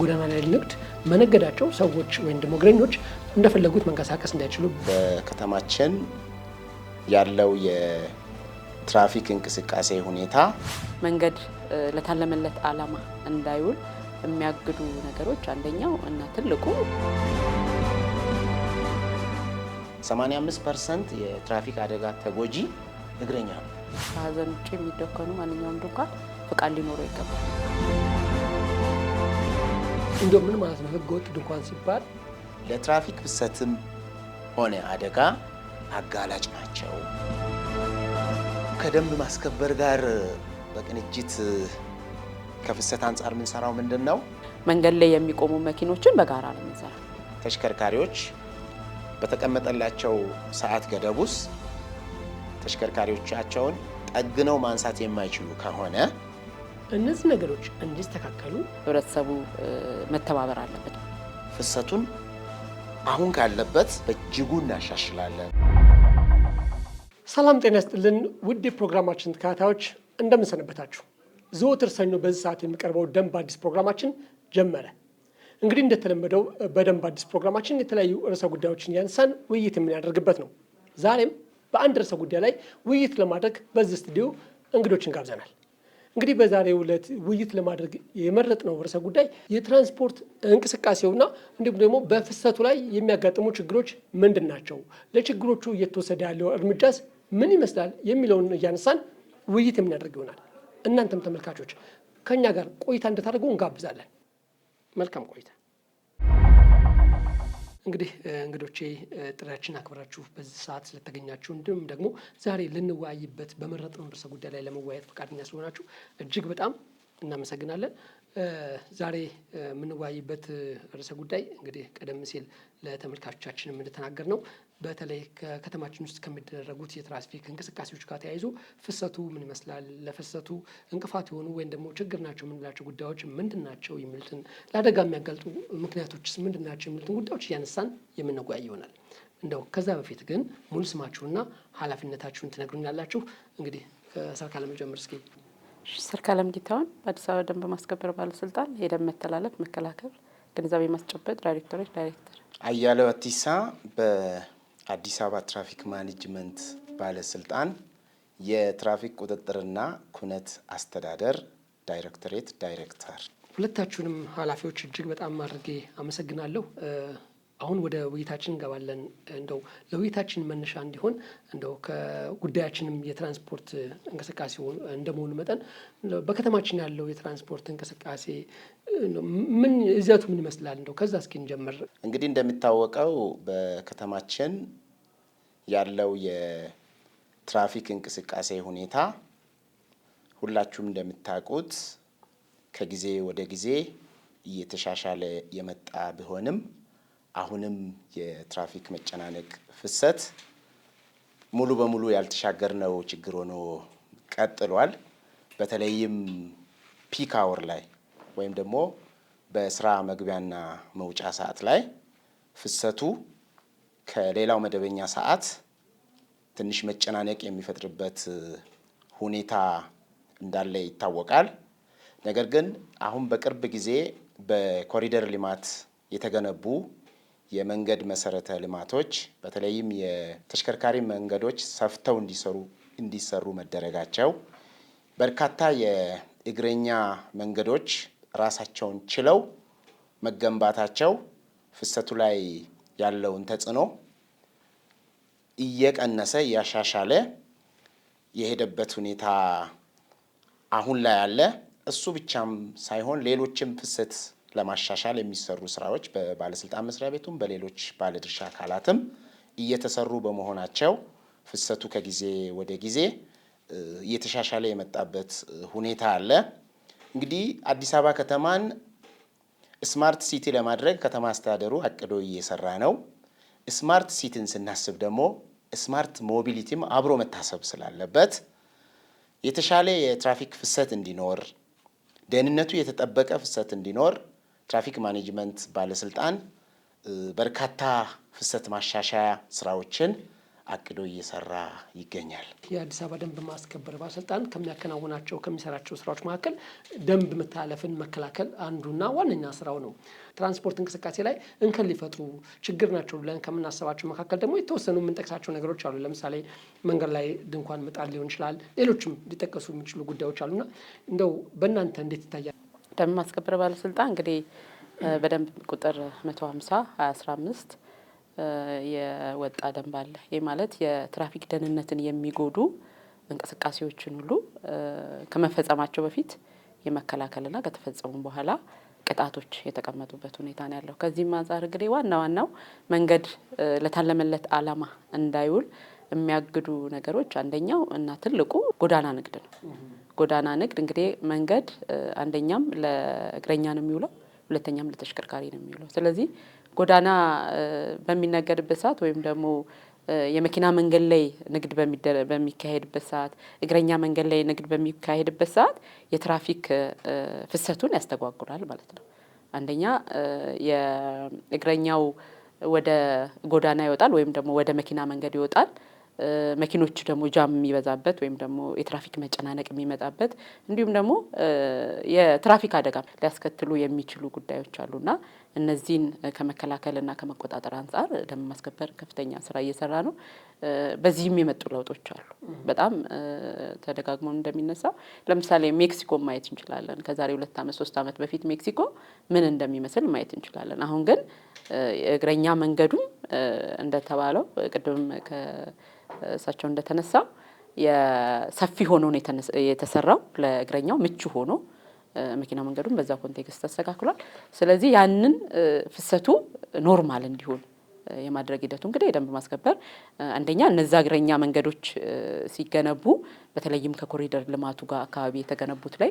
የጎዳና ላይ ንግድ መነገዳቸው ሰዎች ወይም ደግሞ እግረኞች እንደፈለጉት መንቀሳቀስ እንዳይችሉ በከተማችን ያለው የትራፊክ እንቅስቃሴ ሁኔታ መንገድ ለታለመለት ዓላማ እንዳይውል የሚያግዱ ነገሮች አንደኛው እና ትልቁ 85 ፐርሰንት የትራፊክ አደጋ ተጎጂ እግረኛ ነው። ከሀዘን ውጭ የሚደከኑ ማንኛውም ድንኳን ፈቃድ ሊኖረው ይገባል። እንደ ምን ማለት ነው? ህገወጥ ድንኳን ሲባል ለትራፊክ ፍሰትም ሆነ አደጋ አጋላጭ ናቸው። ከደንብ ማስከበር ጋር በቅንጅት ከፍሰት አንጻር የምንሰራው ምንድን ነው? መንገድ ላይ የሚቆሙ መኪኖችን በጋራ ነው የምንሰራ። ተሽከርካሪዎች በተቀመጠላቸው ሰዓት ገደቡስ ተሽከርካሪዎቻቸውን ጠግነው ማንሳት የማይችሉ ከሆነ እነዚህ ነገሮች እንዲስተካከሉ ህብረተሰቡ መተባበር አለበት። ፍሰቱን አሁን ካለበት በእጅጉ እናሻሽላለን። ሰላም ጤና ይስጥልን ውድ የፕሮግራማችን ተከታታዮች እንደምንሰነበታችሁ። ዘወትር ሰኞ በዚህ ሰዓት የሚቀርበው ደንብ አዲስ ፕሮግራማችን ጀመረ። እንግዲህ እንደተለመደው በደንብ አዲስ ፕሮግራማችን የተለያዩ ርዕሰ ጉዳዮችን ያንሳን ውይይት የምናደርግበት ነው። ዛሬም በአንድ ርዕሰ ጉዳይ ላይ ውይይት ለማድረግ በዚህ ስቱዲዮ እንግዶችን ጋብዘናል። እንግዲህ በዛሬ ዕለት ውይይት ለማድረግ የመረጥነው ርዕሰ ጉዳይ የትራንስፖርት እንቅስቃሴውና እንዲሁም ደግሞ በፍሰቱ ላይ የሚያጋጥሙ ችግሮች ምንድን ናቸው፣ ለችግሮቹ እየተወሰደ ያለው እርምጃስ ምን ይመስላል የሚለውን እያነሳን ውይይት የምናደርግ ይሆናል። እናንተም ተመልካቾች ከእኛ ጋር ቆይታ እንድታደርጉ እንጋብዛለን። መልካም ቆይታ እንግዲህ እንግዶቼ ጥሪያችን አክብራችሁ በዚህ ሰዓት ስለተገኛችሁ እንዲሁም ደግሞ ዛሬ ልንወያይበት በመረጥነው ርዕሰ ጉዳይ ላይ ለመወያየት ፈቃደኛ ስለሆናችሁ እጅግ በጣም እናመሰግናለን። ዛሬ የምንወያይበት ርዕሰ ጉዳይ እንግዲህ ቀደም ሲል ለተመልካቾቻችን የምንተናገር ነው። በተለይ ከከተማችን ውስጥ ከሚደረጉት የትራፊክ እንቅስቃሴዎች ጋር ተያይዞ ፍሰቱ ምን ይመስላል፣ ለፍሰቱ እንቅፋት የሆኑ ወይም ደግሞ ችግር ናቸው የምንላቸው ጉዳዮች ምንድን ናቸው የሚሉትን፣ ለአደጋ የሚያጋልጡ ምክንያቶችስ ምንድን ናቸው የሚሉትን ጉዳዮች እያነሳን የምንወያይ ይሆናል። እንደው ከዛ በፊት ግን ሙሉ ስማችሁና ኃላፊነታችሁን ትነግሩኛላችሁ። እንግዲህ ከስራ ካለመጀመር እስኪ አለም ጌታሁን በአዲስ አበባ ደንብ ማስከበር ባለስልጣን የደንብ መተላለፍ መከላከል ግንዛቤ ማስጨበጥ ዳይሬክተሮች ዳይሬክተር። አያሌው አቲሳ በአዲስ አበባ ትራፊክ ማኔጅመንት ባለስልጣን የትራፊክ ቁጥጥርና ኩነት አስተዳደር ዳይሬክቶሬት ዳይሬክተር። ሁለታችሁንም ኃላፊዎች እጅግ በጣም አድርጌ አመሰግናለሁ። አሁን ወደ ውይይታችን እንገባለን። እንደው ለውይይታችን መነሻ እንዲሆን እንደው ከጉዳያችንም የትራንስፖርት እንቅስቃሴ እንደመሆኑ መጠን በከተማችን ያለው የትራንስፖርት እንቅስቃሴ ምን እዚያቱ ምን ይመስላል? እንደው ከዛ እስኪ እንጀምር። እንግዲህ እንደሚታወቀው በከተማችን ያለው የትራፊክ እንቅስቃሴ ሁኔታ ሁላችሁም እንደምታውቁት ከጊዜ ወደ ጊዜ እየተሻሻለ የመጣ ቢሆንም አሁንም የትራፊክ መጨናነቅ ፍሰት ሙሉ በሙሉ ያልተሻገርነው ችግር ሆኖ ቀጥሏል። በተለይም ፒክ አወር ላይ ወይም ደግሞ በስራ መግቢያና መውጫ ሰዓት ላይ ፍሰቱ ከሌላው መደበኛ ሰዓት ትንሽ መጨናነቅ የሚፈጥርበት ሁኔታ እንዳለ ይታወቃል። ነገር ግን አሁን በቅርብ ጊዜ በኮሪደር ልማት የተገነቡ የመንገድ መሰረተ ልማቶች በተለይም የተሽከርካሪ መንገዶች ሰፍተው እንዲሰሩ እንዲሰሩ መደረጋቸው በርካታ የእግረኛ መንገዶች ራሳቸውን ችለው መገንባታቸው ፍሰቱ ላይ ያለውን ተጽዕኖ እየቀነሰ እያሻሻለ የሄደበት ሁኔታ አሁን ላይ አለ። እሱ ብቻም ሳይሆን ሌሎችም ፍሰት ለማሻሻል የሚሰሩ ስራዎች በባለስልጣን መስሪያ ቤቱም በሌሎች ባለድርሻ አካላትም እየተሰሩ በመሆናቸው ፍሰቱ ከጊዜ ወደ ጊዜ እየተሻሻለ የመጣበት ሁኔታ አለ። እንግዲህ አዲስ አበባ ከተማን ስማርት ሲቲ ለማድረግ ከተማ አስተዳደሩ አቅዶ እየሰራ ነው። ስማርት ሲቲን ስናስብ ደግሞ ስማርት ሞቢሊቲም አብሮ መታሰብ ስላለበት የተሻለ የትራፊክ ፍሰት እንዲኖር፣ ደህንነቱ የተጠበቀ ፍሰት እንዲኖር ትራፊክ ማኔጅመንት ባለስልጣን በርካታ ፍሰት ማሻሻያ ስራዎችን አቅዶ እየሰራ ይገኛል። የአዲስ አበባ ደንብ ማስከበር ባለስልጣን ከሚያከናውናቸው ከሚሰራቸው ስራዎች መካከል ደንብ መተላለፍን መከላከል አንዱና ዋነኛ ስራው ነው። ትራንስፖርት እንቅስቃሴ ላይ እንከን ሊፈጥሩ ችግር ናቸው ብለን ከምናስባቸው መካከል ደግሞ የተወሰኑ የምንጠቅሳቸው ነገሮች አሉ። ለምሳሌ መንገድ ላይ ድንኳን መጣል ሊሆን ይችላል። ሌሎችም ሊጠቀሱ የሚችሉ ጉዳዮች አሉና እንደው በእናንተ እንዴት ይታያል? ደንብ ማስከበር ባለስልጣን እንግዲህ በደንብ ቁጥር መቶ ሀምሳ ሀያ አስራ አምስት የወጣ ደንብ አለ። ይህ ማለት የትራፊክ ደህንነትን የሚጎዱ እንቅስቃሴዎችን ሁሉ ከመፈጸማቸው በፊት የመከላከልና ከተፈጸሙ በኋላ ቅጣቶች የተቀመጡበት ሁኔታ ነው ያለው። ከዚህም አንጻር እንግዲህ ዋና ዋናው መንገድ ለታለመለት ዓላማ እንዳይውል የሚያግዱ ነገሮች አንደኛው እና ትልቁ ጎዳና ንግድ ነው። ጎዳና ንግድ እንግዲህ መንገድ አንደኛም ለእግረኛ ነው የሚውለው፣ ሁለተኛም ለተሽከርካሪ ነው የሚውለው። ስለዚህ ጎዳና በሚነገድበት ሰዓት ወይም ደግሞ የመኪና መንገድ ላይ ንግድ በሚካሄድበት ሰዓት፣ እግረኛ መንገድ ላይ ንግድ በሚካሄድበት ሰዓት የትራፊክ ፍሰቱን ያስተጓጉላል ማለት ነው። አንደኛ የእግረኛው ወደ ጎዳና ይወጣል ወይም ደግሞ ወደ መኪና መንገድ ይወጣል። መኪኖች ደግሞ ጃም የሚበዛበት ወይም ደግሞ የትራፊክ መጨናነቅ የሚመጣበት እንዲሁም ደግሞ የትራፊክ አደጋም ሊያስከትሉ የሚችሉ ጉዳዮች አሉና እነዚህን ከመከላከልና ከመቆጣጠር አንጻር ደንብ ማስከበር ከፍተኛ ስራ እየሰራ ነው። በዚህም የመጡ ለውጦች አሉ። በጣም ተደጋግሞ እንደሚነሳው ለምሳሌ ሜክሲኮ ማየት እንችላለን። ከዛሬ ሁለት ዓመት ሶስት ዓመት በፊት ሜክሲኮ ምን እንደሚመስል ማየት እንችላለን። አሁን ግን እግረኛ መንገዱም እንደተባለው ቅድም እሳቸው እንደተነሳ ሰፊ ሆኖ ነው የተሰራው። ለእግረኛው ምቹ ሆኖ መኪና መንገዱን በዛ ኮንቴክስት ተስተካክሏል። ስለዚህ ያንን ፍሰቱ ኖርማል እንዲሆን የማድረግ ሂደቱ እንግዲህ የደንብ ማስከበር አንደኛ እነዛ እግረኛ መንገዶች ሲገነቡ በተለይም ከኮሪደር ልማቱ ጋር አካባቢ የተገነቡት ላይ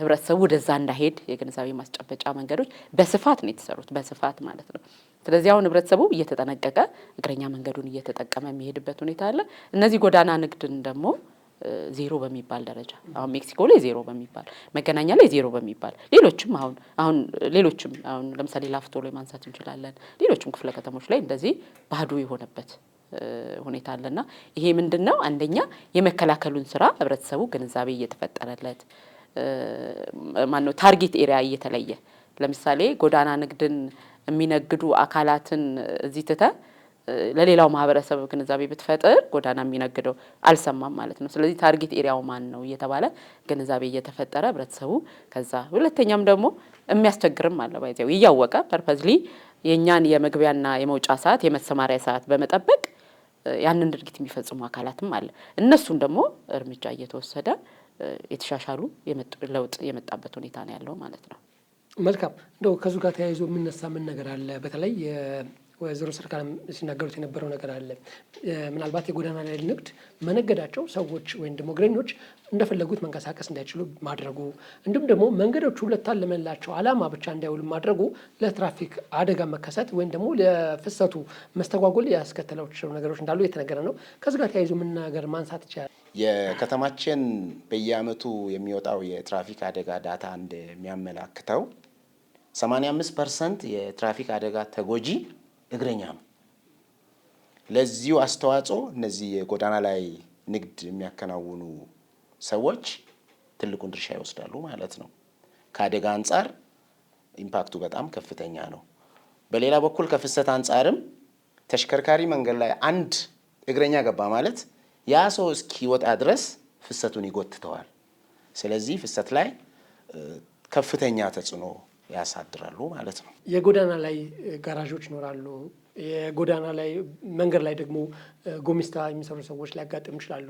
ህብረተሰቡ ወደዛ እንዳይሄድ የግንዛቤ ማስጨበጫ መንገዶች በስፋት ነው የተሰሩት፣ በስፋት ማለት ነው። ስለዚህ አሁን ህብረተሰቡ እየተጠነቀቀ እግረኛ መንገዱን እየተጠቀመ የሚሄድበት ሁኔታ አለ። እነዚህ ጎዳና ንግድን ደግሞ ዜሮ በሚባል ደረጃ አሁን ሜክሲኮ ላይ ዜሮ በሚባል መገናኛ ላይ ዜሮ በሚባል ሌሎችም አሁን አሁን ሌሎችም አሁን ለምሳሌ ላፍቶ ላይ ማንሳት እንችላለን። ሌሎችም ክፍለ ከተሞች ላይ እንደዚህ ባዶ የሆነበት ሁኔታ አለና ይሄ ምንድን ነው? አንደኛ የመከላከሉን ስራ ህብረተሰቡ ግንዛቤ እየተፈጠረለት ማነው ታርጌት ኤሪያ እየተለየ ለምሳሌ ጎዳና ንግድን የሚነግዱ አካላትን እዚህ ትተ ለሌላው ማህበረሰብ ግንዛቤ ብትፈጥር ጎዳና የሚነግደው አልሰማም ማለት ነው። ስለዚህ ታርጌት ኤሪያው ማን ነው እየተባለ ግንዛቤ እየተፈጠረ ህብረተሰቡ ከዛ ሁለተኛም ደግሞ የሚያስቸግርም አለ ባይዚያው እያወቀ ፐርፐዝሊ የእኛን የመግቢያና የመውጫ ሰዓት የመሰማሪያ ሰዓት በመጠበቅ ያንን ድርጊት የሚፈጽሙ አካላትም አለ። እነሱን ደግሞ እርምጃ እየተወሰደ የተሻሻሉ ለውጥ የመጣበት ሁኔታ ነው ያለው ማለት ነው። መልካም እንደው ከዙ ጋር ተያይዞ የሚነሳ ምን ነገር አለ በተለይ ወይዘሮ ስርካ ሲናገሩት የነበረው ነገር አለ። ምናልባት የጎዳና ላይ ንግድ መነገዳቸው ሰዎች ወይም ደግሞ እግረኞች እንደፈለጉት መንቀሳቀስ እንዳይችሉ ማድረጉ እንዲሁም ደግሞ መንገዶቹ ለታለመላቸው ዓላማ ብቻ እንዳይውሉ ማድረጉ ለትራፊክ አደጋ መከሰት ወይም ደግሞ ለፍሰቱ መስተጓጎል ያስከተላቸው ነገሮች እንዳሉ የተነገረ ነው። ከዚህ ጋር ተያይዞ ምን ነገር ማንሳት ይቻላል? የከተማችን በየዓመቱ የሚወጣው የትራፊክ አደጋ ዳታ እንደሚያመላክተው 85 ፐርሰንት የትራፊክ አደጋ ተጎጂ እግረኛ ነው። ለዚሁ አስተዋጽኦ እነዚህ የጎዳና ላይ ንግድ የሚያከናውኑ ሰዎች ትልቁን ድርሻ ይወስዳሉ ማለት ነው። ከአደጋ አንጻር ኢምፓክቱ በጣም ከፍተኛ ነው። በሌላ በኩል ከፍሰት አንጻርም ተሽከርካሪ መንገድ ላይ አንድ እግረኛ ገባ ማለት ያ ሰው እስኪወጣ ድረስ ፍሰቱን ይጎትተዋል። ስለዚህ ፍሰት ላይ ከፍተኛ ተጽዕኖ ያሳድራሉ ማለት ነው። የጎዳና ላይ ጋራዦች ይኖራሉ። የጎዳና ላይ መንገድ ላይ ደግሞ ጎሚስታ የሚሰሩ ሰዎች ሊያጋጥም ይችላሉ።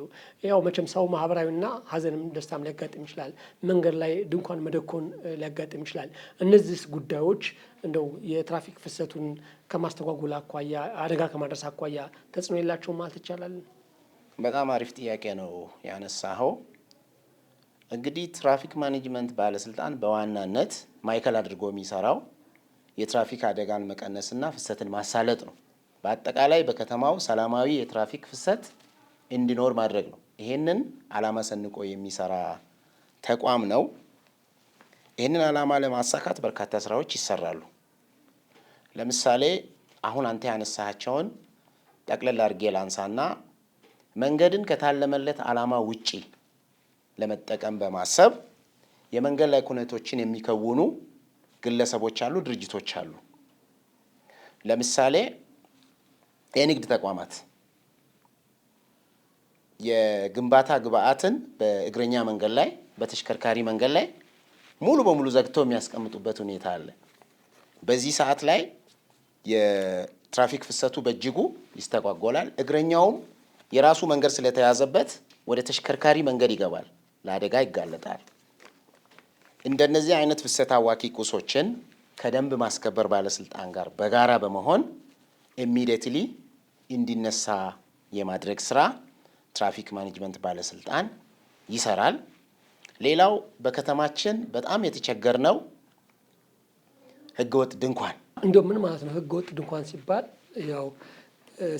ያው መቼም ሰው ማህበራዊና ሀዘንም ደስታም ሊያጋጥም ይችላል። መንገድ ላይ ድንኳን መደኮን ሊያጋጥም ይችላል። እነዚህ ጉዳዮች እንደው የትራፊክ ፍሰቱን ከማስተጓጎል አኳያ፣ አደጋ ከማድረስ አኳያ ተጽዕኖ የላቸውም ማለት ይቻላል? በጣም አሪፍ ጥያቄ ነው ያነሳኸው። እንግዲህ ትራፊክ ማኔጅመንት ባለስልጣን በዋናነት ማዕከል አድርጎ የሚሰራው የትራፊክ አደጋን መቀነስና ፍሰትን ማሳለጥ ነው። በአጠቃላይ በከተማው ሰላማዊ የትራፊክ ፍሰት እንዲኖር ማድረግ ነው። ይሄንን ዓላማ ሰንቆ የሚሰራ ተቋም ነው። ይህንን ዓላማ ለማሳካት በርካታ ስራዎች ይሰራሉ። ለምሳሌ አሁን አንተ ያነሳቸውን ጠቅለል አድርጌ ላንሳና መንገድን ከታለመለት ዓላማ ውጪ ለመጠቀም በማሰብ የመንገድ ላይ ኩነቶችን የሚከውኑ ግለሰቦች አሉ፣ ድርጅቶች አሉ። ለምሳሌ የንግድ ተቋማት የግንባታ ግብአትን በእግረኛ መንገድ ላይ በተሽከርካሪ መንገድ ላይ ሙሉ በሙሉ ዘግተው የሚያስቀምጡበት ሁኔታ አለ። በዚህ ሰዓት ላይ የትራፊክ ፍሰቱ በእጅጉ ይስተጓጎላል። እግረኛውም የራሱ መንገድ ስለተያዘበት ወደ ተሽከርካሪ መንገድ ይገባል። ለአደጋ ይጋለጣል። እንደነዚህ አይነት ፍሰት አዋኪ ቁሶችን ከደንብ ማስከበር ባለስልጣን ጋር በጋራ በመሆን ኢሚዲየትሊ እንዲነሳ የማድረግ ስራ ትራፊክ ማኔጅመንት ባለስልጣን ይሰራል። ሌላው በከተማችን በጣም የተቸገር ነው ህገወጥ ድንኳን እንዲሁም ምን ማለት ነው? ህገወጥ ድንኳን ሲባል ያው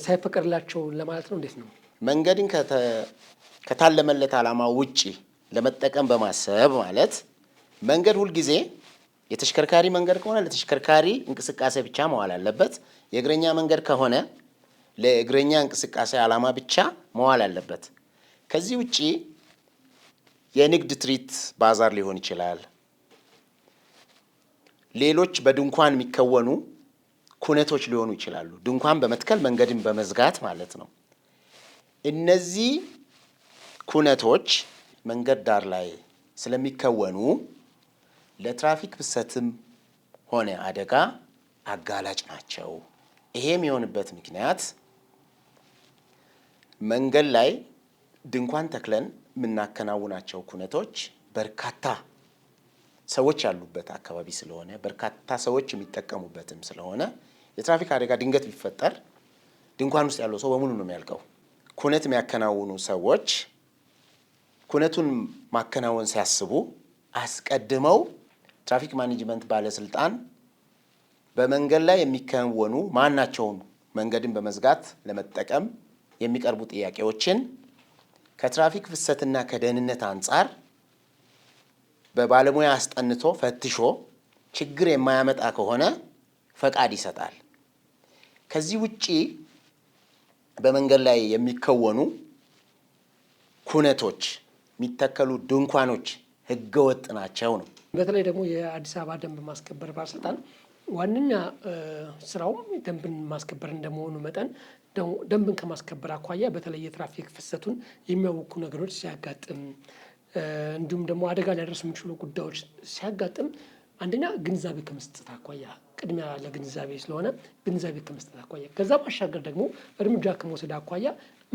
ሳይፈቀድላቸው ለማለት ነው። እንዴት ነው መንገድን ከታለመለት ዓላማ ውጪ ለመጠቀም በማሰብ ማለት መንገድ ሁልጊዜ የተሽከርካሪ መንገድ ከሆነ ለተሽከርካሪ እንቅስቃሴ ብቻ መዋል አለበት። የእግረኛ መንገድ ከሆነ ለእግረኛ እንቅስቃሴ ዓላማ ብቻ መዋል አለበት። ከዚህ ውጪ የንግድ ትርኢት ባዛር ሊሆን ይችላል። ሌሎች በድንኳን የሚከወኑ ኩነቶች ሊሆኑ ይችላሉ። ድንኳን በመትከል መንገድን በመዝጋት ማለት ነው። እነዚህ ኩነቶች መንገድ ዳር ላይ ስለሚከወኑ ለትራፊክ ፍሰትም ሆነ አደጋ አጋላጭ ናቸው። ይሄ የሚሆንበት ምክንያት መንገድ ላይ ድንኳን ተክለን የምናከናውናቸው ኩነቶች በርካታ ሰዎች ያሉበት አካባቢ ስለሆነ በርካታ ሰዎች የሚጠቀሙበትም ስለሆነ የትራፊክ አደጋ ድንገት ቢፈጠር ድንኳን ውስጥ ያለው ሰው በሙሉ ነው የሚያልቀው። ኩነት የሚያከናውኑ ሰዎች ኩነቱን ማከናወን ሲያስቡ አስቀድመው ትራፊክ ማኔጅመንት ባለስልጣን በመንገድ ላይ የሚከወኑ ማናቸውም መንገድን በመዝጋት ለመጠቀም የሚቀርቡ ጥያቄዎችን ከትራፊክ ፍሰትና ከደህንነት አንጻር በባለሙያ አስጠንቶ ፈትሾ ችግር የማያመጣ ከሆነ ፈቃድ ይሰጣል። ከዚህ ውጪ በመንገድ ላይ የሚከወኑ ኩነቶች የሚተከሉ ድንኳኖች ህገወጥ ናቸው ነው። በተለይ ደግሞ የአዲስ አበባ ደንብ ማስከበር ባለስልጣን ዋነኛ ስራውም ደንብን ማስከበር እንደመሆኑ መጠን ደንብን ከማስከበር አኳያ በተለይ የትራፊክ ፍሰቱን የሚያውኩ ነገሮች ሲያጋጥም፣ እንዲሁም ደግሞ አደጋ ሊያደርሱ የሚችሉ ጉዳዮች ሲያጋጥም አንደኛ ግንዛቤ ከመስጠት አኳያ ቅድሚያ ለግንዛቤ ስለሆነ ግንዛቤ ከመስጠት አኳያ፣ ከዛ ባሻገር ደግሞ እርምጃ ከመውሰድ አኳያ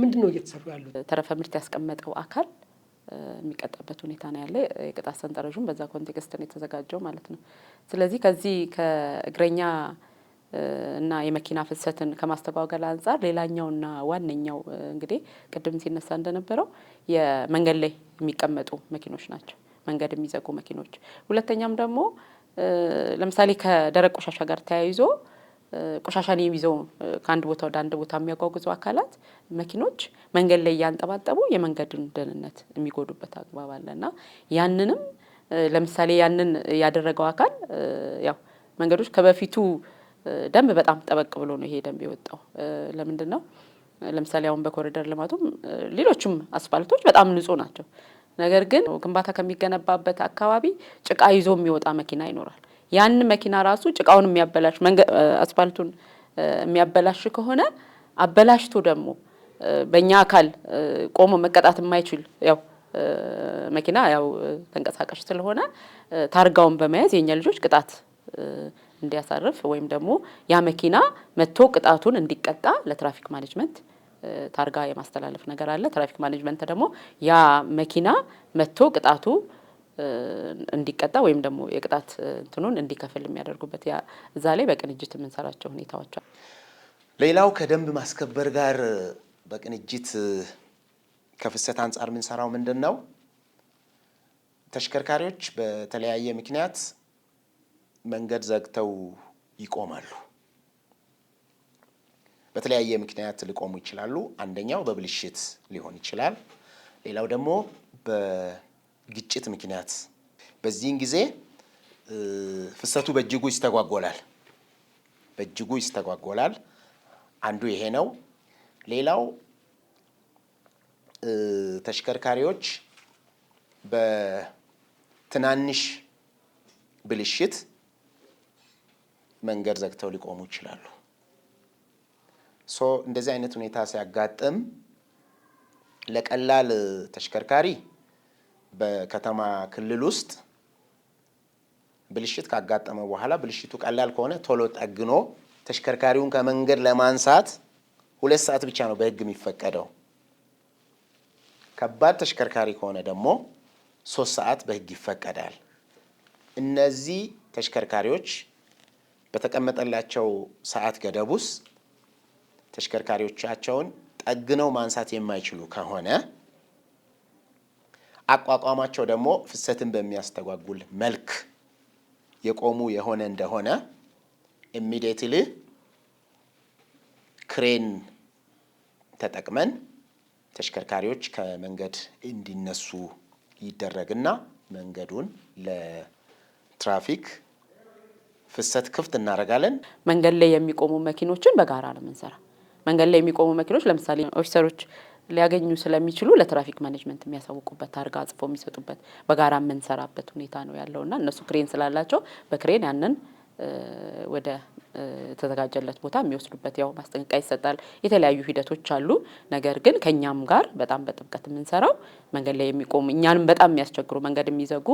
ምንድን ነው እየተሰሩ ያሉት? ተረፈ ምርት ያስቀመጠው አካል የሚቀጣበት ሁኔታ ነው ያለ። የቅጣት ሰንጠረዡም በዛ ኮንቴክስት ነው የተዘጋጀው ማለት ነው። ስለዚህ ከዚህ ከእግረኛ እና የመኪና ፍሰትን ከማስተጓገል አንጻር ሌላኛውና ዋነኛው እንግዲህ ቅድም ሲነሳ እንደነበረው የመንገድ ላይ የሚቀመጡ መኪኖች ናቸው፣ መንገድ የሚዘጉ መኪኖች። ሁለተኛም ደግሞ ለምሳሌ ከደረቅ ቆሻሻ ጋር ተያይዞ ቆሻሻን የሚይዘው ከአንድ ቦታ ወደ አንድ ቦታ የሚያጓጉዙ አካላት መኪኖች መንገድ ላይ እያንጠባጠቡ የመንገድን ደህንነት የሚጎዱበት አግባብ አለ እና ያንንም ለምሳሌ ያንን ያደረገው አካል ያው መንገዶች ከበፊቱ ደንብ በጣም ጠበቅ ብሎ ነው ይሄ ደንብ የወጣው። ለምንድን ነው? ለምሳሌ አሁን በኮሪደር ልማቱም ሌሎችም አስፋልቶች በጣም ንጹህ ናቸው። ነገር ግን ግንባታ ከሚገነባበት አካባቢ ጭቃ ይዞ የሚወጣ መኪና ይኖራል። ያን መኪና ራሱ ጭቃውን የሚያበላሽ አስፋልቱን የሚያበላሽ ከሆነ አበላሽቶ ደግሞ በእኛ አካል ቆሞ መቀጣት የማይችል ያው መኪና ያው ተንቀሳቃሽ ስለሆነ ታርጋውን በመያዝ የእኛ ልጆች ቅጣት እንዲያሳርፍ ወይም ደግሞ ያ መኪና መጥቶ ቅጣቱን እንዲቀጣ ለትራፊክ ማኔጅመንት ታርጋ የማስተላለፍ ነገር አለ። ትራፊክ ማኔጅመንት ደግሞ ያ መኪና መጥቶ ቅጣቱ እንዲቀጣ ወይም ደግሞ የቅጣት እንትኑን እንዲከፍል የሚያደርጉበት እዛ ላይ በቅንጅት የምንሰራቸው ሁኔታዎች። ሌላው ከደንብ ማስከበር ጋር በቅንጅት ከፍሰት አንጻር የምንሰራው ምንድን ነው? ተሽከርካሪዎች በተለያየ ምክንያት መንገድ ዘግተው ይቆማሉ። በተለያየ ምክንያት ሊቆሙ ይችላሉ። አንደኛው በብልሽት ሊሆን ይችላል። ሌላው ደግሞ ግጭት ምክንያት በዚህን ጊዜ ፍሰቱ በእጅጉ ይስተጓጎላል በእጅጉ ይስተጓጎላል። አንዱ ይሄ ነው። ሌላው ተሽከርካሪዎች በትናንሽ ብልሽት መንገድ ዘግተው ሊቆሙ ይችላሉ። ሶ እንደዚህ አይነት ሁኔታ ሲያጋጥም ለቀላል ተሽከርካሪ በከተማ ክልል ውስጥ ብልሽት ካጋጠመ በኋላ ብልሽቱ ቀላል ከሆነ ቶሎ ጠግኖ ተሽከርካሪውን ከመንገድ ለማንሳት ሁለት ሰዓት ብቻ ነው በህግ የሚፈቀደው። ከባድ ተሽከርካሪ ከሆነ ደግሞ ሶስት ሰዓት በህግ ይፈቀዳል። እነዚህ ተሽከርካሪዎች በተቀመጠላቸው ሰዓት ገደብ ውስጥ ተሽከርካሪዎቻቸውን ጠግነው ማንሳት የማይችሉ ከሆነ አቋቋማቸው ደግሞ ፍሰትን በሚያስተጓጉል መልክ የቆሙ የሆነ እንደሆነ ኢሚዲየትሊ ክሬን ተጠቅመን ተሽከርካሪዎች ከመንገድ እንዲነሱ ይደረግና መንገዱን ለትራፊክ ፍሰት ክፍት እናደርጋለን። መንገድ ላይ የሚቆሙ መኪኖችን በጋራ ነው የምንሰራ። መንገድ ላይ የሚቆሙ መኪኖች ለምሳሌ ኦፊሰሮች ሊያገኙ ስለሚችሉ ለትራፊክ ማኔጅመንት የሚያሳውቁበት ታርጋ ጽፎ የሚሰጡበት በጋራ የምንሰራበት ሁኔታ ነው ያለውና እነሱ ክሬን ስላላቸው በክሬን ያንን ወደ ተዘጋጀለት ቦታ የሚወስዱበት ያው ማስጠንቀቂያ ይሰጣል። የተለያዩ ሂደቶች አሉ። ነገር ግን ከእኛም ጋር በጣም በጥብቀት የምንሰራው መንገድ ላይ የሚቆሙ እኛንም በጣም የሚያስቸግሩ መንገድ የሚዘጉ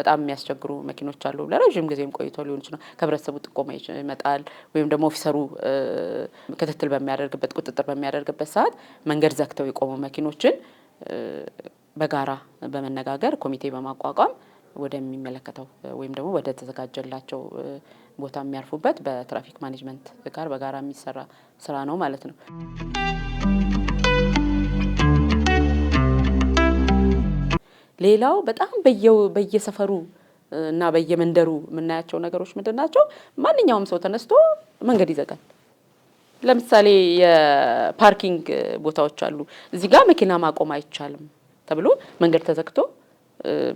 በጣም የሚያስቸግሩ መኪኖች አሉ። ለረዥም ጊዜም ቆይቶ ሊሆን ይችላል። ከህብረተሰቡ ጥቆማ ይመጣል፣ ወይም ደግሞ ኦፊሰሩ ክትትል በሚያደርግበት ቁጥጥር በሚያደርግበት ሰዓት መንገድ ዘግተው የቆሙ መኪኖችን በጋራ በመነጋገር ኮሚቴ በማቋቋም ወደሚመለከተው ወይም ደግሞ ወደ ተዘጋጀላቸው ቦታ የሚያርፉበት በትራፊክ ማኔጅመንት ጋር በጋራ የሚሰራ ስራ ነው ማለት ነው። ሌላው በጣም በየሰፈሩ እና በየመንደሩ የምናያቸው ነገሮች ምንድን ናቸው? ማንኛውም ሰው ተነስቶ መንገድ ይዘጋል። ለምሳሌ የፓርኪንግ ቦታዎች አሉ። እዚህ ጋር መኪና ማቆም አይቻልም ተብሎ መንገድ ተዘግቶ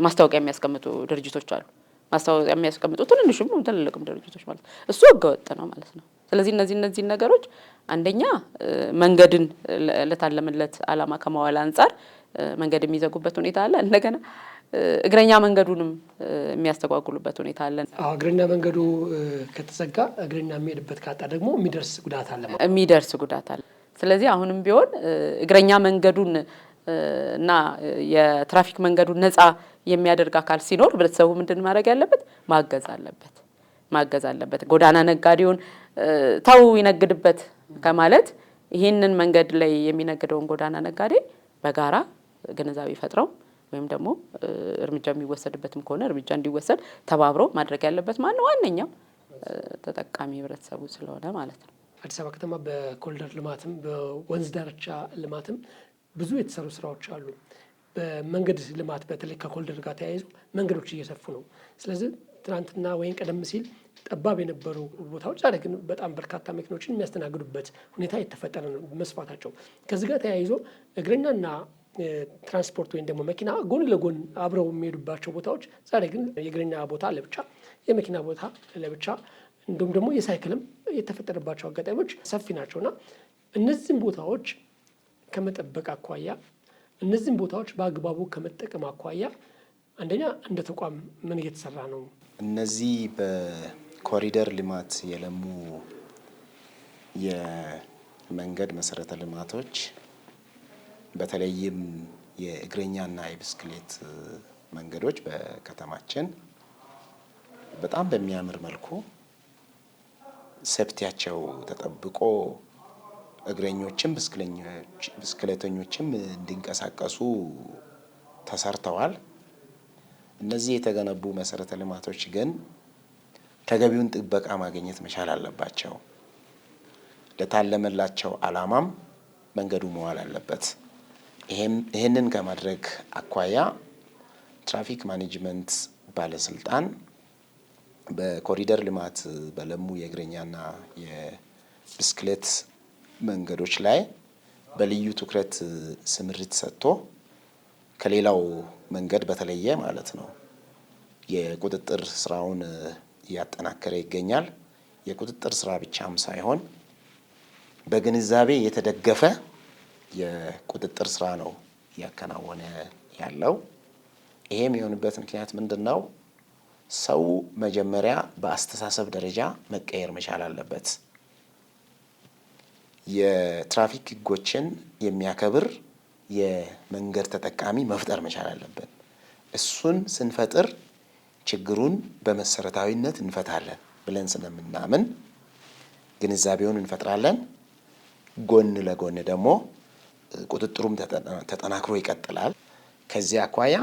ማስታወቂያ የሚያስቀምጡ ድርጅቶች አሉ። ማስታወቂያ የሚያስቀምጡ ትንንሽም ትልልቅም ድርጅቶች ማለት ነው። እሱ ህገወጥ ነው ማለት ነው። ስለዚህ እነዚህ እነዚህን ነገሮች አንደኛ መንገድን ለታለምለት አላማ ከማዋል አንጻር መንገድ የሚዘጉበት ሁኔታ አለ። እንደገና እግረኛ መንገዱንም የሚያስተጓጉሉበት ሁኔታ አለ። እግረኛ መንገዱ ከተዘጋ እግረኛ የሚሄድበት ካጣ ደግሞ የሚደርስ ጉዳት አለ የሚደርስ ጉዳት አለ። ስለዚህ አሁንም ቢሆን እግረኛ መንገዱን እና የትራፊክ መንገዱን ነፃ የሚያደርግ አካል ሲኖር ህብረተሰቡ ምንድን ማድረግ ያለበት ማገዝ አለበት ማገዝ አለበት። ጎዳና ነጋዴውን ተው ይነግድበት ከማለት ይህንን መንገድ ላይ የሚነግደውን ጎዳና ነጋዴ በጋራ ግንዛቤ ፈጥረው ወይም ደግሞ እርምጃ የሚወሰድበትም ከሆነ እርምጃ እንዲወሰድ ተባብሮ ማድረግ ያለበት ማን ነው። ዋነኛው ተጠቃሚ ህብረተሰቡ ስለሆነ ማለት ነው። አዲስ አበባ ከተማ በኮሪደር ልማትም በወንዝ ዳርቻ ልማትም ብዙ የተሰሩ ስራዎች አሉ። በመንገድ ልማት በተለይ ከኮልደር ጋር ተያይዞ መንገዶች እየሰፉ ነው። ስለዚህ ትናንትና ወይም ቀደም ሲል ጠባብ የነበሩ ቦታዎች ዛሬ ግን በጣም በርካታ መኪኖችን የሚያስተናግዱበት ሁኔታ የተፈጠረ ነው መስፋታቸው። ከዚህ ጋር ተያይዞ እግረኛና ትራንስፖርት ወይም ደግሞ መኪና ጎን ለጎን አብረው የሚሄዱባቸው ቦታዎች ዛሬ ግን የእግረኛ ቦታ ለብቻ፣ የመኪና ቦታ ለብቻ እንዲሁም ደግሞ የሳይክልም የተፈጠረባቸው አጋጣሚዎች ሰፊ ናቸውና እነዚህም ቦታዎች ከመጠበቅ አኳያ እነዚህም ቦታዎች በአግባቡ ከመጠቀም አኳያ አንደኛ እንደ ተቋም ምን እየተሰራ ነው? እነዚህ በኮሪደር ልማት የለሙ የመንገድ መሰረተ ልማቶች በተለይም የእግረኛና የብስክሌት መንገዶች በከተማችን በጣም በሚያምር መልኩ ሰብቲያቸው ተጠብቆ እግረኞችም ብስክሌተኞችም እንዲንቀሳቀሱ ተሰርተዋል። እነዚህ የተገነቡ መሰረተ ልማቶች ግን ተገቢውን ጥበቃ ማግኘት መቻል አለባቸው። ለታለመላቸው ዓላማም መንገዱ መዋል አለበት። ይህንን ከማድረግ አኳያ ትራፊክ ማኔጅመንት ባለስልጣን በኮሪደር ልማት በለሙ የእግረኛና የብስክሌት መንገዶች ላይ በልዩ ትኩረት ስምሪት ሰጥቶ ከሌላው መንገድ በተለየ ማለት ነው የቁጥጥር ስራውን እያጠናከረ ይገኛል። የቁጥጥር ስራ ብቻም ሳይሆን በግንዛቤ የተደገፈ የቁጥጥር ስራ ነው እያከናወነ ያለው። ይሄም የሆንበት ምክንያት ምንድን ነው? ሰው መጀመሪያ በአስተሳሰብ ደረጃ መቀየር መቻል አለበት። የትራፊክ ህጎችን የሚያከብር የመንገድ ተጠቃሚ መፍጠር መቻል አለብን። እሱን ስንፈጥር ችግሩን በመሰረታዊነት እንፈታለን ብለን ስለምናምን ግንዛቤውን እንፈጥራለን። ጎን ለጎን ደግሞ ቁጥጥሩም ተጠናክሮ ይቀጥላል። ከዚህ አኳያ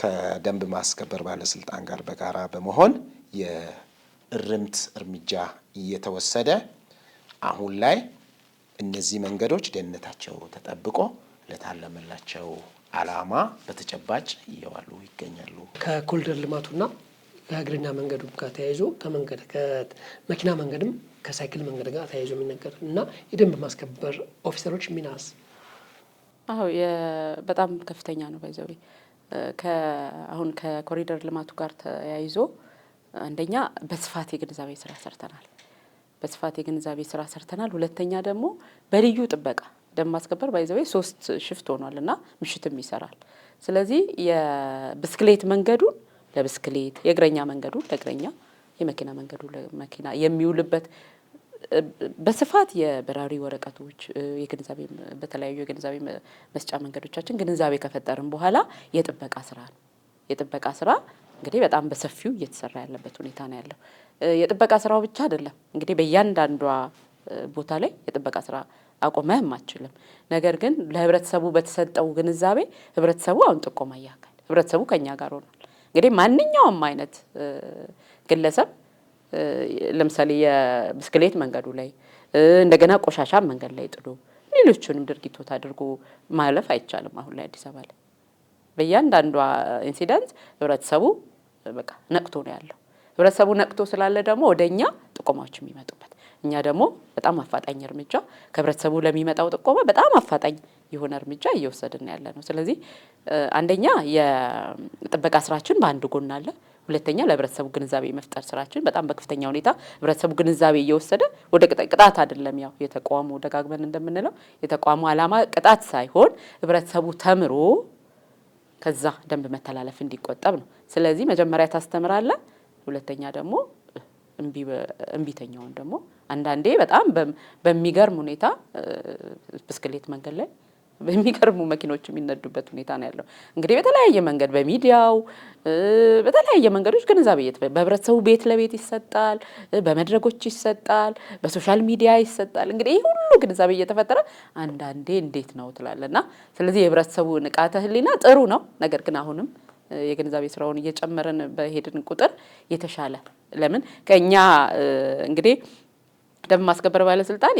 ከደንብ ማስከበር ባለስልጣን ጋር በጋራ በመሆን የእርምት እርምጃ እየተወሰደ አሁን ላይ እነዚህ መንገዶች ደህንነታቸው ተጠብቆ ለታለመላቸው ዓላማ በተጨባጭ እየዋሉ ይገኛሉ። ከኮሪደር ልማቱና ከእግረኛ መንገዱ ጋር ተያይዞ ከመንገድ ከመኪና መንገድም ከሳይክል መንገድ ጋር ተያይዞ የሚነገር እና የደንብ ማስከበር ኦፊሰሮች ሚናስ? አዎ በጣም ከፍተኛ ነው። ባይዘዌ አሁን ከኮሪደር ልማቱ ጋር ተያይዞ አንደኛ በስፋት የግንዛቤ ስራ ሰርተናል። በስፋት የግንዛቤ ስራ ሰርተናል። ሁለተኛ ደግሞ በልዩ ጥበቃ ደም ማስከበር ባይዘዌ ሶስት ሽፍት ሆኗል እና ምሽትም ይሰራል። ስለዚህ የብስክሌት መንገዱን ለብስክሌት የእግረኛ መንገዱን ለእግረኛ የመኪና መንገዱ ለመኪና የሚውልበት በስፋት የበራሪ ወረቀቶች የግንዛቤ በተለያዩ የግንዛቤ መስጫ መንገዶቻችን ግንዛቤ ከፈጠርን በኋላ የጥበቃ ስራ ነው። የጥበቃ ስራ እንግዲህ በጣም በሰፊው እየተሰራ ያለበት ሁኔታ ነው ያለው። የጥበቃ ስራው ብቻ አይደለም እንግዲህ በእያንዳንዷ ቦታ ላይ የጥበቃ ስራ አቆመህም አችልም። ነገር ግን ለህብረተሰቡ በተሰጠው ግንዛቤ ህብረተሰቡ አሁን ጥቆማ እያካል ህብረተሰቡ ከኛ ጋር ሆኗል። እንግዲህ ማንኛውም አይነት ግለሰብ ለምሳሌ የብስክሌት መንገዱ ላይ እንደገና ቆሻሻ መንገድ ላይ ጥሎ ሌሎቹንም ድርጊቶት አድርጎ ማለፍ አይቻልም። አሁን ላይ አዲስ አበባ ላይ በእያንዳንዷ ኢንሲደንት ህብረተሰቡ በቃ ነቅቶ ነው ያለው። ህብረተሰቡ ነቅቶ ስላለ ደግሞ ወደ እኛ ጥቆማዎች የሚመጡበት እኛ ደግሞ በጣም አፋጣኝ እርምጃ ከህብረተሰቡ ለሚመጣው ጥቆማ በጣም አፋጣኝ የሆነ እርምጃ እየወሰድን ያለ ነው። ስለዚህ አንደኛ የጥበቃ ስራችን በአንድ ጎን አለ። ሁለተኛ ለህብረተሰቡ ግንዛቤ መፍጠር ስራችን በጣም በከፍተኛ ሁኔታ ህብረተሰቡ ግንዛቤ እየወሰደ ወደ ቅጣት አይደለም። ያው የተቋሙ ደጋግመን እንደምንለው የተቋሙ ዓላማ ቅጣት ሳይሆን ህብረተሰቡ ተምሮ ከዛ ደንብ መተላለፍ እንዲቆጠብ ነው። ስለዚህ መጀመሪያ ታስተምራለን። ሁለተኛ ደግሞ እምቢተኛውን ደግሞ አንዳንዴ በጣም በሚገርም ሁኔታ ብስክሌት መንገድ ላይ በሚገርሙ መኪኖች የሚነዱበት ሁኔታ ነው ያለው። እንግዲህ በተለያየ መንገድ በሚዲያው በተለያየ መንገዶች ግንዛቤ በህብረተሰቡ ቤት ለቤት ይሰጣል፣ በመድረኮች ይሰጣል፣ በሶሻል ሚዲያ ይሰጣል። እንግዲህ ይህ ሁሉ ግንዛቤ እየተፈጠረ አንዳንዴ እንዴት ነው ትላለና፣ ስለዚህ የህብረተሰቡ ንቃተ ህሊና ጥሩ ነው፣ ነገር ግን አሁንም የግንዛቤ ስራውን እየጨመረን በሄድን ቁጥር የተሻለ ለምን ከእኛ እንግዲህ ደንብ ማስከበር ባለስልጣን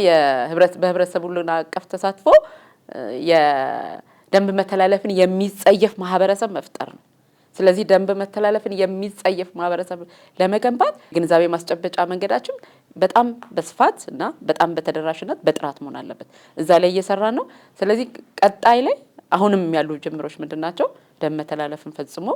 በህብረተሰቡ ሁሉን አቀፍ ተሳትፎ የደንብ መተላለፍን የሚጸየፍ ማህበረሰብ መፍጠር ነው። ስለዚህ ደንብ መተላለፍን የሚጸየፍ ማህበረሰብ ለመገንባት ግንዛቤ ማስጨበጫ መንገዳችን በጣም በስፋት እና በጣም በተደራሽነት በጥራት መሆን አለበት። እዛ ላይ እየሰራ ነው። ስለዚህ ቀጣይ ላይ አሁንም ያሉ ጅምሮች ምንድን ናቸው? ደም መተላለፍን ፈጽሞ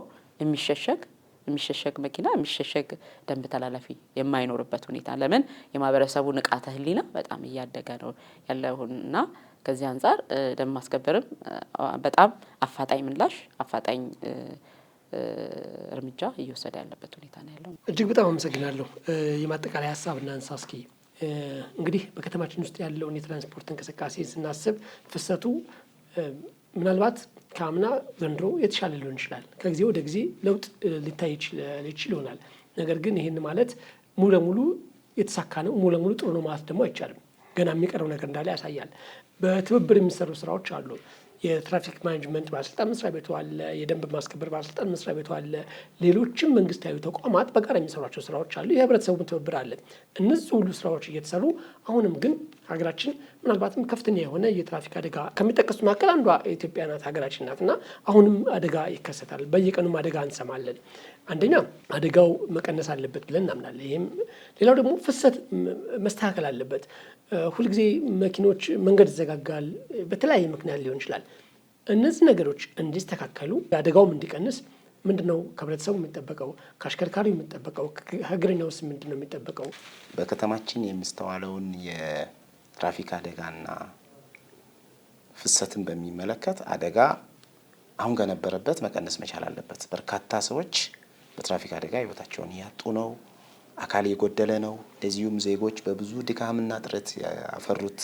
የሚሸሸግ የሚሸሸግ መኪና የሚሸሸግ ደንብ ተላላፊ የማይኖርበት ሁኔታ ለምን የማህበረሰቡ ንቃተ ህሊና በጣም እያደገ ነው ያለውና ከዚህ አንጻር ደም ማስከበርም በጣም አፋጣኝ ምላሽ አፋጣኝ እርምጃ እየወሰደ ያለበት ሁኔታ ነው ያለው። እጅግ በጣም አመሰግናለሁ። የማጠቃለያ ሀሳብ እናንሳ እስኪ። እንግዲህ በከተማችን ውስጥ ያለውን የትራንስፖርት እንቅስቃሴ ስናስብ ፍሰቱ ምናልባት ከአምና ዘንድሮ የተሻለ ሊሆን ይችላል። ከጊዜ ወደ ጊዜ ለውጥ ሊታይ ይችል ይሆናል። ነገር ግን ይህን ማለት ሙሉ ለሙሉ የተሳካ ነው፣ ሙሉ ለሙሉ ጥሩ ነው ማለት ደግሞ አይቻልም። ገና የሚቀረው ነገር እንዳለ ያሳያል። በትብብር የሚሰሩ ስራዎች አሉ። የትራፊክ ማኔጅመንት ባለስልጣን መስሪያ ቤቱ አለ፣ የደንብ ማስከበር ባለስልጣን መስሪያ ቤቱ አለ፣ ሌሎችም መንግስታዊ ተቋማት በጋራ የሚሰሯቸው ስራዎች አሉ፣ የህብረተሰቡ ትብብር አለ። እነዚህ ሁሉ ስራዎች እየተሰሩ አሁንም ግን ሀገራችን ምናልባትም ከፍተኛ የሆነ የትራፊክ አደጋ ከሚጠቀሱ መካከል አንዷ ኢትዮጵያ ናት፣ ሀገራችን ናት እና አሁንም አደጋ ይከሰታል። በየቀኑም አደጋ እንሰማለን። አንደኛ አደጋው መቀነስ አለበት ብለን እናምናለን። ይህም ሌላው ደግሞ ፍሰት መስተካከል አለበት። ሁልጊዜ መኪኖች መንገድ ይዘጋጋል፣ በተለያየ ምክንያት ሊሆን ይችላል። እነዚህ ነገሮች እንዲስተካከሉ አደጋውም እንዲቀንስ ነው ከህብረተሰቡ የሚጠበቀው? ከአሽከርካሪው የሚጠበቀው? ከእግረኛ ውስጥ ነው የሚጠበቀው? በከተማችን የሚስተዋለውን የትራፊክ አደጋና ፍሰትን በሚመለከት አደጋ አሁን ከነበረበት መቀነስ መቻል አለበት። በርካታ ሰዎች በትራፊክ አደጋ ህይወታቸውን እያጡ ነው። አካል የጎደለ ነው። እንደዚሁም ዜጎች በብዙ ድካምና ጥረት ያፈሩት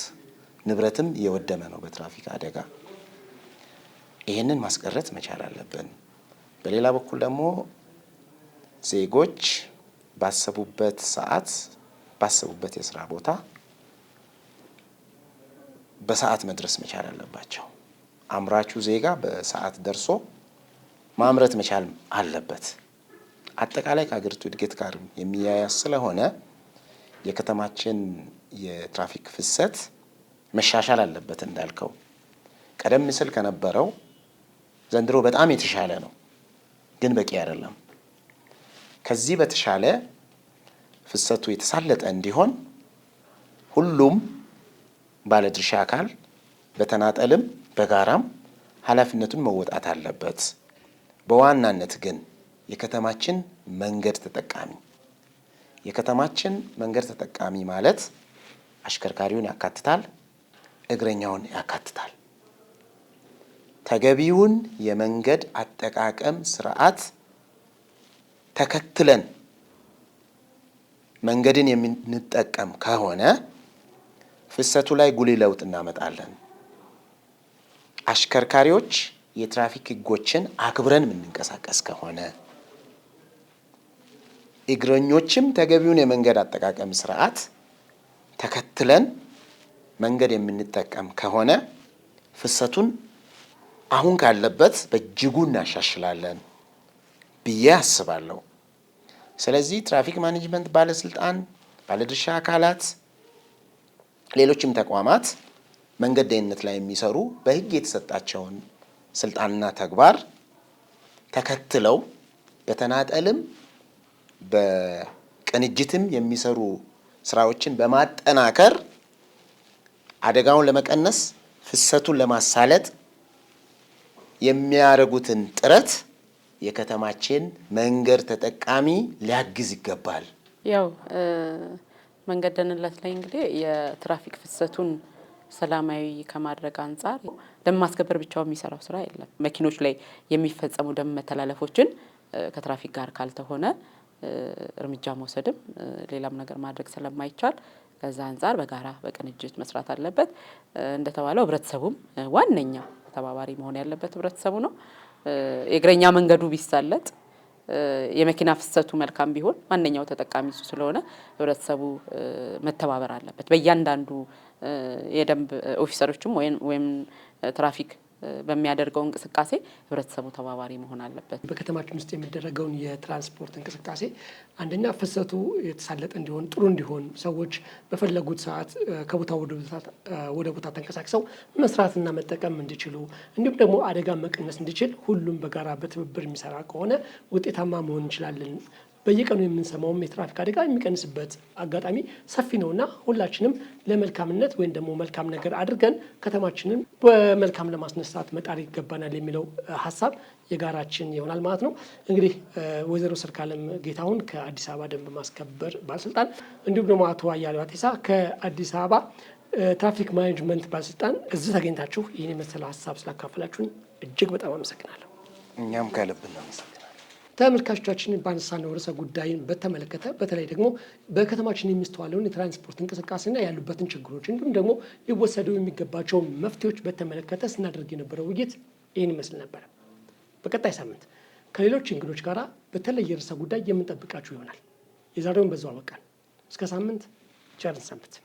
ንብረትም እየወደመ ነው በትራፊክ አደጋ። ይህንን ማስቀረት መቻል አለብን። በሌላ በኩል ደግሞ ዜጎች ባሰቡበት ሰዓት ባሰቡበት የስራ ቦታ በሰዓት መድረስ መቻል አለባቸው። አምራቹ ዜጋ በሰዓት ደርሶ ማምረት መቻል አለበት። አጠቃላይ ከሀገሪቱ እድገት ጋር የሚያያዝ ስለሆነ የከተማችን የትራፊክ ፍሰት መሻሻል አለበት። እንዳልከው ቀደም ሲል ከነበረው ዘንድሮ በጣም የተሻለ ነው፣ ግን በቂ አይደለም። ከዚህ በተሻለ ፍሰቱ የተሳለጠ እንዲሆን ሁሉም ባለድርሻ አካል በተናጠልም በጋራም ኃላፊነቱን መወጣት አለበት። በዋናነት ግን የከተማችን መንገድ ተጠቃሚ የከተማችን መንገድ ተጠቃሚ ማለት አሽከርካሪውን ያካትታል፣ እግረኛውን ያካትታል። ተገቢውን የመንገድ አጠቃቀም ስርዓት ተከትለን መንገድን የምንጠቀም ከሆነ ፍሰቱ ላይ ጉልህ ለውጥ እናመጣለን። አሽከርካሪዎች የትራፊክ ሕጎችን አክብረን የምንንቀሳቀስ ከሆነ እግረኞችም ተገቢውን የመንገድ አጠቃቀም ስርዓት ተከትለን መንገድ የምንጠቀም ከሆነ ፍሰቱን አሁን ካለበት በእጅጉ እናሻሽላለን ብዬ አስባለሁ። ስለዚህ ትራፊክ ማኔጅመንት ባለስልጣን፣ ባለድርሻ አካላት፣ ሌሎችም ተቋማት መንገድ ደህንነት ላይ የሚሰሩ በህግ የተሰጣቸውን ስልጣንና ተግባር ተከትለው በተናጠልም በቅንጅትም የሚሰሩ ስራዎችን በማጠናከር አደጋውን ለመቀነስ ፍሰቱን ለማሳለጥ የሚያደርጉትን ጥረት የከተማችን መንገድ ተጠቃሚ ሊያግዝ ይገባል። ያው መንገድ ደህንነት ላይ እንግዲህ የትራፊክ ፍሰቱን ሰላማዊ ከማድረግ አንጻር ደንብ ማስከበር ብቻው የሚሰራው ስራ የለም። መኪኖች ላይ የሚፈጸሙ ደንብ መተላለፎችን ከትራፊክ ጋር ካልተሆነ እርምጃ መውሰድም ሌላም ነገር ማድረግ ስለማይቻል ከዛ አንጻር በጋራ በቅንጅት መስራት አለበት። እንደተባለው ህብረተሰቡም ዋነኛ ተባባሪ መሆን ያለበት ህብረተሰቡ ነው። የእግረኛ መንገዱ ቢሳለጥ የመኪና ፍሰቱ መልካም ቢሆን ዋነኛው ተጠቃሚ እሱ ስለሆነ ህብረተሰቡ መተባበር አለበት። በእያንዳንዱ የደንብ ኦፊሰሮችም ወይም ትራፊክ በሚያደርገው እንቅስቃሴ ህብረተሰቡ ተባባሪ መሆን አለበት። በከተማችን ውስጥ የሚደረገውን የትራንስፖርት እንቅስቃሴ አንደኛ ፍሰቱ የተሳለጠ እንዲሆን ጥሩ እንዲሆን ሰዎች በፈለጉት ሰዓት ከቦታ ወደ ቦታ ተንቀሳቅሰው መስራትና መጠቀም እንዲችሉ እንዲሁም ደግሞ አደጋ መቀነስ እንዲችል ሁሉም በጋራ በትብብር የሚሰራ ከሆነ ውጤታማ መሆን እንችላለን። በየቀኑ የምንሰማውም የትራፊክ አደጋ የሚቀንስበት አጋጣሚ ሰፊ እና ሁላችንም ለመልካምነት ወይም ደግሞ መልካም ነገር አድርገን ከተማችንን በመልካም ለማስነሳት መጣር ይገባናል የሚለው ሀሳብ የጋራችን ይሆናል ማለት ነው። እንግዲህ ወይዘሮ ሰርካለም ጌታሁን ከአዲስ አበባ ደንብ ማስከበር ባለስልጣን እንዲሁም ደግሞ አቶ አያሌው አቴሳ ከአዲስ አበባ ትራፊክ ማኔጅመንት ባለስልጣን እዚህ ተገኝታችሁ ይህን የመሰለ ሀሳብ ስላካፈላችሁን እጅግ በጣም አመሰግናለሁ። እኛም ከልብ ተመልካቾቻችን ባነሳነው ርዕሰ ጉዳይን በተመለከተ በተለይ ደግሞ በከተማችን የሚስተዋለውን የትራንስፖርት እንቅስቃሴና ያሉበትን ችግሮች እንዲሁም ደግሞ ሊወሰዱ የሚገባቸው መፍትሄዎች በተመለከተ ስናደርግ የነበረው ውይይት ይህን ይመስል ነበረ። በቀጣይ ሳምንት ከሌሎች እንግዶች ጋር በተለየ ርዕሰ ጉዳይ የምንጠብቃችሁ ይሆናል። የዛሬውን በዛው አበቃን። እስከ ሳምንት ቸርን ሰንብት።